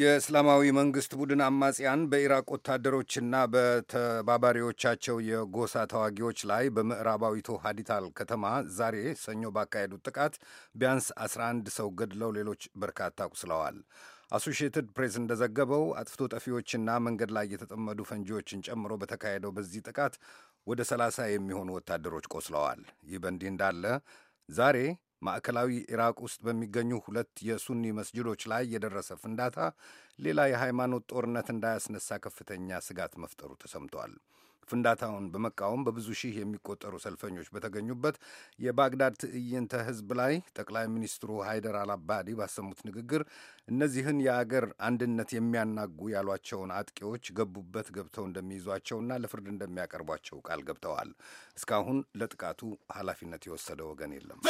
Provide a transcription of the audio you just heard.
የእስላማዊ መንግስት ቡድን አማጽያን በኢራቅ ወታደሮችና በተባባሪዎቻቸው የጎሳ ተዋጊዎች ላይ በምዕራባዊቱ ሀዲታል ከተማ ዛሬ ሰኞ ባካሄዱት ጥቃት ቢያንስ 11 ሰው ገድለው ሌሎች በርካታ ቁስለዋል። አሶሽትድ ፕሬስ እንደዘገበው አጥፍቶ ጠፊዎችና መንገድ ላይ የተጠመዱ ፈንጂዎችን ጨምሮ በተካሄደው በዚህ ጥቃት ወደ 30 የሚሆኑ ወታደሮች ቆስለዋል። ይህ በእንዲህ እንዳለ ዛሬ ማዕከላዊ ኢራቅ ውስጥ በሚገኙ ሁለት የሱኒ መስጅዶች ላይ የደረሰ ፍንዳታ ሌላ የሃይማኖት ጦርነት እንዳያስነሳ ከፍተኛ ስጋት መፍጠሩ ተሰምቷል። ፍንዳታውን በመቃወም በብዙ ሺህ የሚቆጠሩ ሰልፈኞች በተገኙበት የባግዳድ ትዕይንተ ህዝብ ላይ ጠቅላይ ሚኒስትሩ ሃይደር አልአባዲ ባሰሙት ንግግር እነዚህን የአገር አንድነት የሚያናጉ ያሏቸውን አጥቂዎች ገቡበት ገብተው እንደሚይዟቸውና ለፍርድ እንደሚያቀርቧቸው ቃል ገብተዋል። እስካሁን ለጥቃቱ ኃላፊነት የወሰደ ወገን የለም።